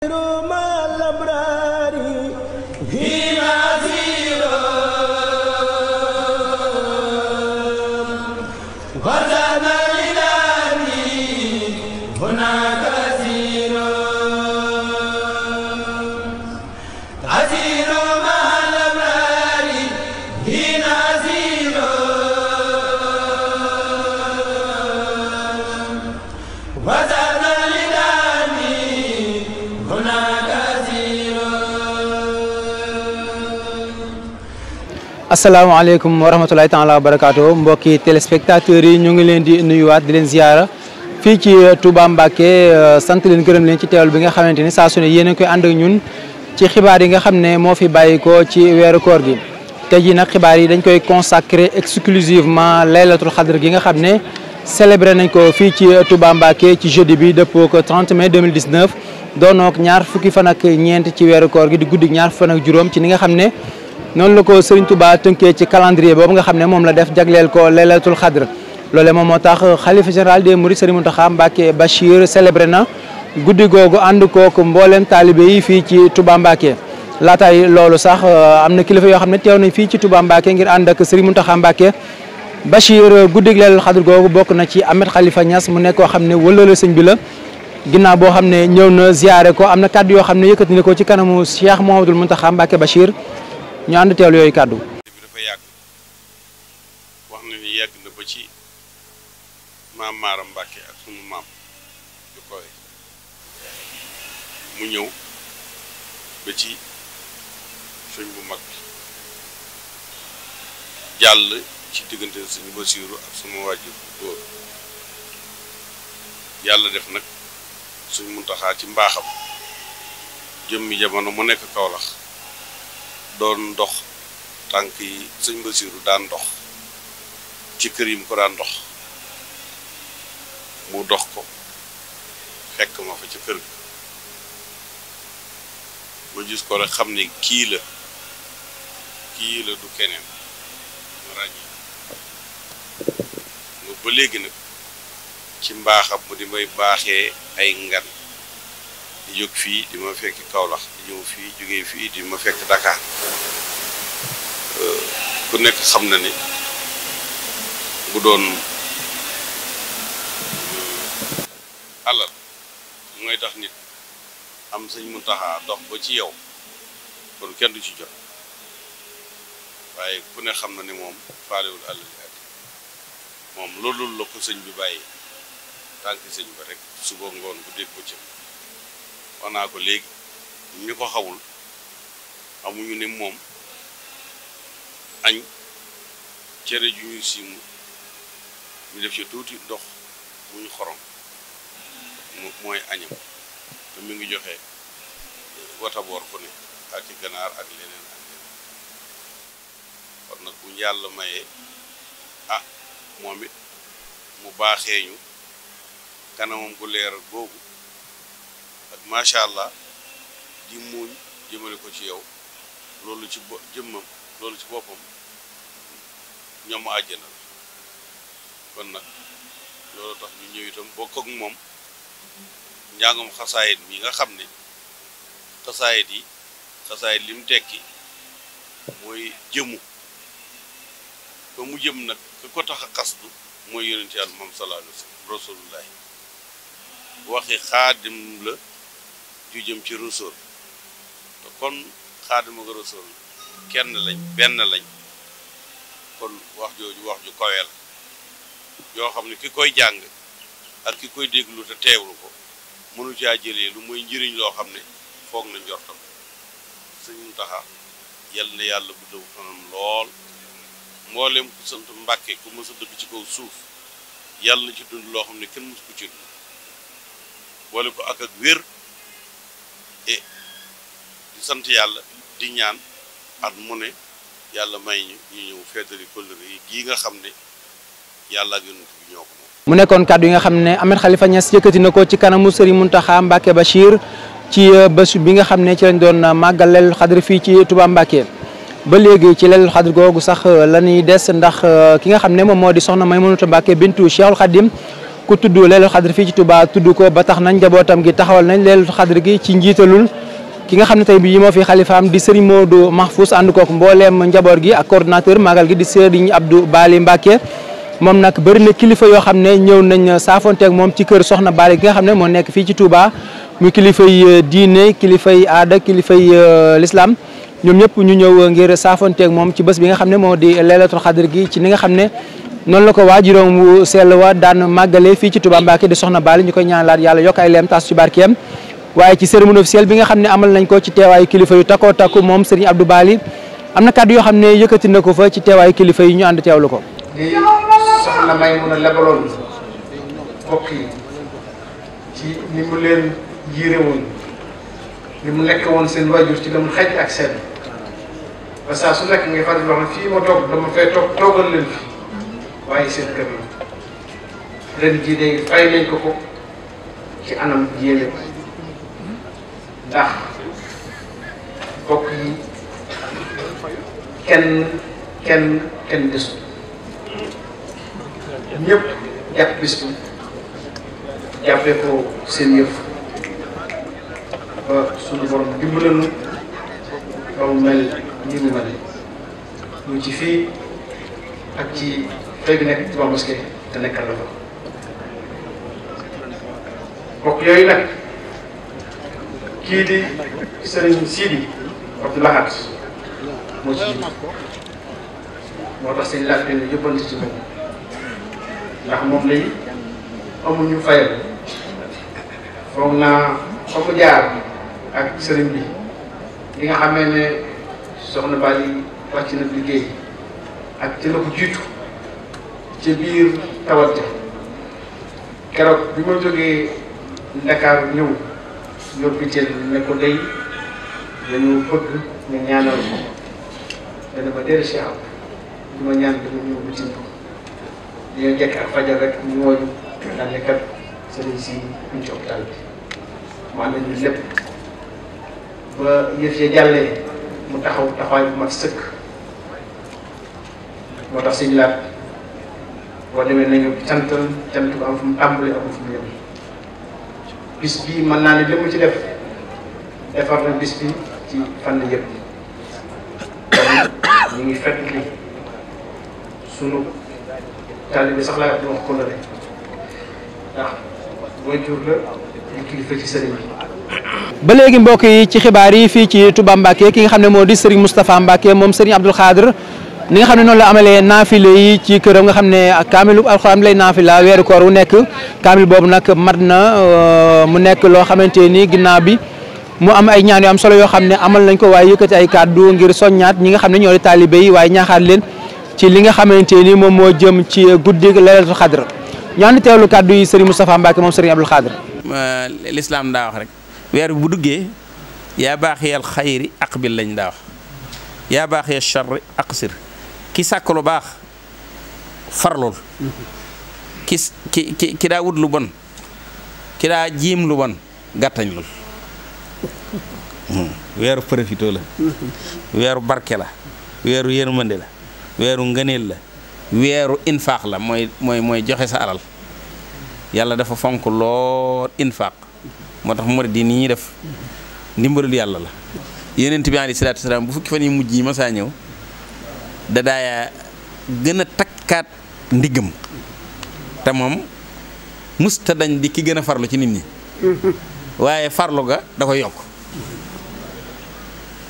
Pero asalaamaaleykum wa rahmatulahi taala wa barakaatu mbokki téléspectateurs yi ñoo ngi leen di nuyuwaat di leen ziyaara fii ci euh, Touba Mbacké euh, sant leen gërëm leen ci teewal bi nga xamante ni saa su ne yéen a koy ànd ak ñun ci xibaar yi nga xam ne moo fi bàyyikoo ci weeru koor gi te jii nag xibaar yi dañ koy consacré exclusivement laylatul xadr gi nga xam ne célébré nañ ko fii ci euh, Touba Mbacké ci jeudi bi dëppoo ko 30 mai 2019 doonook ñaar fukki fan ak ñeent ci weeru koor gi di guddi ñaar fan ak juróom ci ni nga xam ne noonu la ko Serigne Touba tënkee ci calendrier boobu nga xam ne moom la def jagleel ko laylatul xadr loole moom moo tax xalifa général des Mourides Serigne Mountakha Mbacké Bachir célébré na guddi googu ànd kooku mbooleem taalibe yi fii ci Touba Mbacké laataay loolu sax euh, am na kilifa yoo xam ne teew nañ fii ci Touba Mbacké ànd ak Serigne Mountakha Mbacké Bachir euh, guddig leelul xadr googu bokk na ci amet xalifa Niass mu nekk koo xam ne wëlala sëñ bi la ginnaaw boo xam ne ñëw na ziyaare ko am na kàddu yoo xam ne yëkkati na ko ci kanamu Cheikh Mouhamadoul Mountakha Mbacké Bachir ñu ànd teel yooyu kàddu. dafa yàgg wax na ni yàgg na ba ci maam Maara Mbàkke ak sunu maam mu ñëw ba ci sëñ bu mag bi jàll ci diggante suñu Basiiru ak suma wàjjur góor yàlla def nag suñ Muntaxaa ci mbaaxam jëmmi jamono mu nekk Kawlax doon ndox tànk yi sëñ Basiiru daan ndox ci kër yi mu ko daan dox mu dox ko fekk ma fa ci kër gi ma gis ko rek xam ne kii la kii la du keneen ma ba léegi nag ci mbaaxam mu di may baaxee ay ngan di jóg fii di ma fekk Kaolack di ñëw fii jógee fii di ma fekk Dakar euh, ku nekk xam na ni bu doon euh, alal mooy tax nit am sëñ mu taxaa dox ba ci yow kon kenn du ci jot waaye ku ne xam na ni moom faalewul alal ak moom loolu la ko sëñ bi bàyyi tànk sëñ ba rek suba ngoon bu dégg ko ci wax naa léegi ñu ko xawul amuñu ne moom añ cere ju ñuy siimu ñu def ci tuuti ndox bu ñu xorom mooy añam te mi ngi joxe wataboor ku ne ak ganaar ak leneen ak leneen ku nag buñ yàlla mayee ah mu baaxee ñu kanamam gu leer googu ak macha allah di muuñ jëmale ko ci yow loolu ci bo jëmmam loolu ci boppam ñoomu àjjana la kon nag loolu tax ñu ñëw bokk ak moom njàngum xasaayit mi nga xam ne xasaayit yi xasaayit li tekki mooy jëmu ba mu jëm nag ka ko tax a xasdu mooy yonente yàlla moom sallallahu alayhi waxi xaadim la ju jëm ci Rasuul te kon xaadama ko Rasuul kenn lañ benn lañ kon wax jooju wax ju kawe yoo xam ne ki koy jàng ak ki koy déglu te teewlu ko mënu caa jëlee lu mooy njëriñ loo xam ne foog na njortam sëñ Muntaxa yal na yàlla bu dëw lool mboolem ku sant Mbàkke ku mësa a ci kaw suuf yàlla na ci dund loo xam ne kenn mës ku ci dund boole ko ak ak wér E, di sant yàlla di ñaan at mu ne yàlla may ñu ñu ñëw feddali kóllëre yi nga xam ne yàlla ak yonent bi ñoo ko mu nekkoon kàddu yi nga xam ne Ahmed xalifa Niass yëkkati na ko ci kanamu mun taxa Mbacké Bachir ci euh, bés bi nga xam ne ci lañ doon euh, màggal Laylatul Qadr fii ci Touba Mbacké ba léegi ci Laylatul Qadr googu sax euh, la ñuy des ndax ki nga xam ne moom moo di soxna may Maymunatu Mbacké bintu Cheikhul Khadim ku tudd leelul xadr fii ci Touba tudd ko ba tax nañ njabootam gi taxawal nañ leelul xadr gi ci njiitalul ki nga xam ne tey bii moo fi xalifaam di sëriñ Modou Mahfous ànd kook mbooleem njaboot gi ak coordonnateur magal gi di sëriñ Abdou Bali Mbacke moom nag bëri na kilifa yoo xam ne ñëw nañ saafonteeg moom ci kër soxna Bali gi nga xam ne moo nekk fii ci Touba mu kilifay euh, diine kilifay aada kilifay euh, l'islam ñoom ñëpp ñu ñëw ngir saafonteeg moom ci bés bi nga xam ne moo di leelatul xadr gi ci ni nga xam ne noonu la ko waajuróom wu sell wa daan màggale fii ci Touba Mbacké di soxna Bali ñu koy ñaanalaat yàlla yokk ay leem taas ci barkeem waaye ci cérémonie officielle bi nga xam ne amal nañ ko ci teewaayu kilifa yu takkoo takku moom Serigne Abdou Bali am na yoo xam ne yëkkati na ko fa ci teewaayu kilifa yi ñu ànd teewlu ko. la mu waaye seen kër yi ren jii day fay nañ ko ko ci anam yéeme ndax bokk yi kenn kenn kenn desu ñëpp jàpp bis jàppee ko seen yëf ba suñu borom dimbali nu ba mu mel ni mu ci fii ak ci. léegi nekk Touba Mosquée te nekkal la ko mbokk yooyu nag kii di sëriñ Sidi Abdou Lahad moo ci jiitu moo tax sëñ laaj benn yóbbante ci moom ndax moom lay amuñu fayal foog naa fa mu jaar ak sëriñ bi li nga xamee ne soxna Bali wàcc na liggéey ak ci la ko ci biir tawat ja bi ma jógee Ndakaaru ñëw ñor bi jël ne ko day dañu bëgg nga ñaanal ko dana ma déré si àll bi ma ñaan dama ñëw ba ko dina jekk ak fajar rek ñu woo ñu daan si ñu ci hôpital bi mu ànd ñu lépp ba yëf ya mu taxaw taxawaay ma mat sëkk moo tax suñu boo demee nañu cantal cant bu am bii mën naa ne li mu ci def defar na bis bi ci fànn yëpp ñu ngi fekk li sunu taalibe sax laa wax ko la rek ndax mooy jur la di kilifa ci sëriñ bi ba léegi mbokk yi ci xibaar yi fii ci Touba Mbacké ki nga xam ne moo di Serigne Moustapha Mbacké moom Serigne Abdoul Khadr ni nga xam ne noonu la amalee naafile yi ci këram nga xam ne kaamilu alxuraan lay naafila weeru koor wu nekk kaamil boobu nag mat na euh, mu nekk loo xamante nii ginnaaw bi mu am ay ñaan yu am solo yoo xam ne amal nañ ko waaye yëkkati ay kàddu ngir soññaat ñi nga xam ne ñoo di taalibe yi waaye ñaaxaat leen ci li nga xamante nii moom moo jëm ci guddi laylatul xadr ñaan teewlu kàddu yi sëriñ Moustapha Mbacke moom sëriñ Abdul Xadr. lislaam daa wax rek weer bu duggee yaa baaxiyal xayri aqbil lañ daa yaa baaxiyal charri aqsir ki sàkk lu baax farlul ki ki ki ki daa wut bon ki daa jiim lu bon gàttañlul hmm. weeru profito la weeru barke la weeru yërmande la weeru ngëneel la weeru infaax la mooy mooy mooy joxe sa alal yàlla dafa fonk lool infaax moo tax murid yi ni ñuy def ndimbalul yàlla la yonent bi alayhi salaatu wasalaam bu fukki fan yi mujj yi masaa ñëw da daaya gën a takkaat ndiggam te moom musta dañ di ki gën a farlu ci nit ñi waaye farlu ga da koy yokk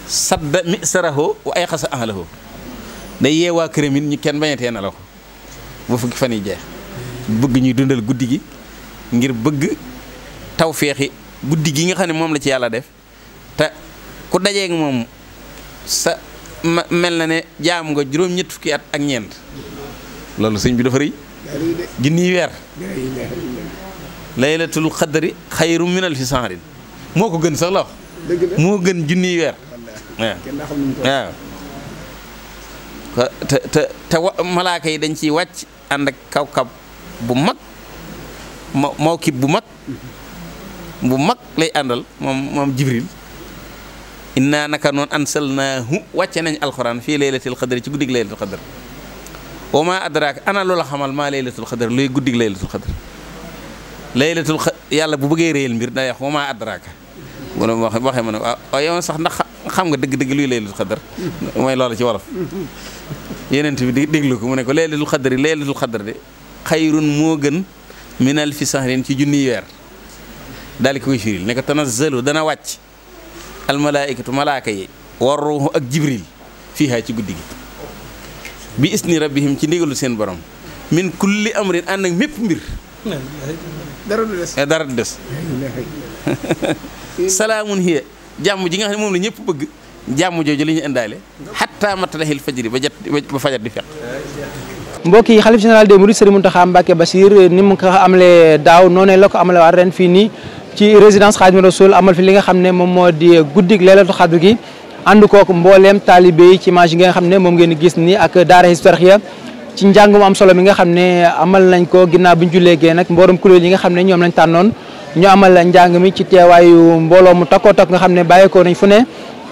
sadda mi saraho wa ay xasa ahlahu day yeewaa këram ñi kenn bañatee na la ko ba fukki fan yi jeex bëgg ñuy dundal guddi gi ngir bëgg tawféexi guddi gi nga xam ne moom la ci yàlla def te ku dajeeg moom sa mel na ne jaam nga juróom-ñett fukki at ak ñeent loolu sëñ bi dafa rëy junniy weer laylatul xadari xayru min alfi sahrin moo ko gën sax la moo gën junniy weer waaw te te malaaka yi dañ ci wàcc ànd ak kawkab bu mag ma mawkib bu mag mm-hmm. bu mag lay àndal moom moom jibril inna naka noon ansalnaahu wàcce nañ alxuraan fii laylatil xadri ci guddig laylatul xadr wa ma adraak ana loola xamal maa laylatul xadr luy guddig laylatul xadr laylatul yàlla bu bëggee réyal mbir day wax wa ma adraaka borom wax waxee ma sax ndax xam nga dëgg-dëgg luy laylatul xadr mooy loola ci wolof yenent bi di déglu ko mu ne ko laylatul xadr yi laylatul xadr de xayrun moo gën min alfi sahrin ci junniy weer daal di koy firil ne ko tanazzalu dana wàcc almalaaikatu malaaka yi war ruuxu ak jibril fiihaa ci guddi gi bi isni rabbihim ci ndigalu seen borom min kulli amrin ànd ak mépp mbir dara du des eh, dara du des salaamun hiya jàmm ji nga xam ne moom la ñëpp bëgg jàmm jooju la ñu indaale xattaa matla'il fajri ba jat ba fajar di fekk mbokk yi xalif général des mourides Serigne Mountakha Mbacké Bassir ni mu ko amle daaw noonu la ko amale waat ren fii nii ci résidence Xaadimu Rasuul amal fi li nga xam ne moom moo di guddik leelatu xadr gi ànd kook mbooleem taalibe yi ci yi nga xam ne moom ngeen gis ni ak daara historique ci njàng am solo mi nga xam ne amal nañ ko ginnaaw bi ñu julleegee nag mboorom kuréel yi nga xam ne ñoom lañ tànnoon ñu amal njàng mi ci teewaayu mbooloo mu takkoo takk nga xam ne bàyyeekoo nañ fu ne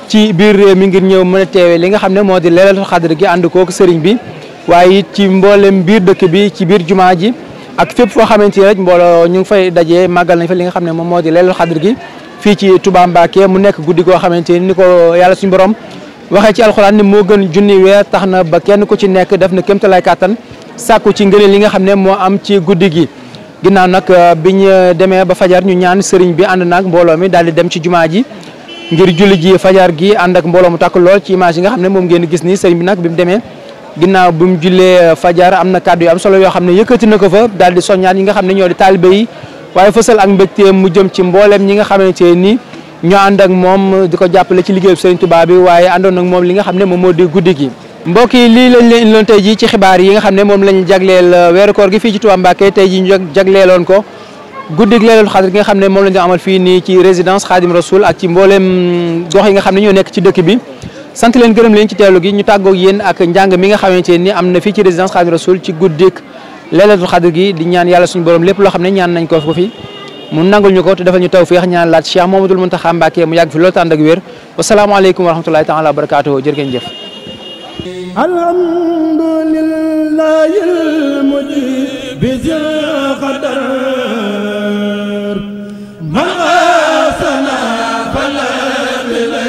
ci biir réew mi ngir ñëw mën a teewee li nga xam ne moo di leelatu xadr gi ànd kook sëriñ bi waaye it ci mbooleem biir dëkk bi ci biir jumaa ji ak fépp foo xamante ni rek mbooloo ñu ngi fay dajee màggal nañ fa li nga xam ne moom moo di leelul xadr gi fii ci Touba mu nekk guddi goo xamante ni ni ko yàlla suñu borom waxee ci alxuraan ni moo gën junni weer tax na ba kenn ku ci nekk def na kéemtalaay kàttan sàkku ci ngëneel li nga xam ne moo am ci guddi gi ginnaaw nag euh, bi ñu demee ba fajar ñu ñaan sëriñ bi ànd naag mbooloo mi daal di dem ci jumaa ji ngir julli ji fajar gi ànd ak mbooloo mu takk lool ci image xam ne moom ngeen gis nii sëriñ bi nag bi mu demee ginnaaw bu mu jullee euh, fajar am na kàddu yu am solo yoo xam ne yëkkati na ko fa daal di soññaan yi nga xam ne ñoo di taalibe yi waaye fësal ak mbégteem mu jëm ci mbooleem ñi nga xamante ni ñoo ak moom di ko jàppale ci liggéeyu Sëriñ Tuubaa bi waaye àndoon ak moom li nga xam ne moom moo di guddi gi mbokk yi lii lañ leen indiloon tey jii ci xibaar yi nga xam ne moom lañu jagleel euh, weeru koor gi fii ci Touba Mbacké tey jii ñu jagleeloon ko guddi gi leelul xaadir nga xam ne moom lañu amal fii nii ci résidence Khadim Rasoul ak ci mbooleem gox yi nga xam ne ñoo nekk ci dëkk bi sant leen gërëm leen ci teewlu gi ñu tàggoog yéen ak njàng mi nga xamante ni am na fii ci résidence Xaadimu Rasuul ci guddik leelatul xadir gi di ñaan yàlla suñu borom lépp loo xam ne ñaan nañ ko fi mu nangul ñu ko te defal ñu tawfiix ñaan laat Cheikh Mamadou Mountakha Mbacké mu yàgg fi loolu tànd ak wér wasalaamaaleykum wa rahmatullahi taala wa barakaatuhu jërë ngeen jëf alhamdulillahi almujib bi qadar ma sana fala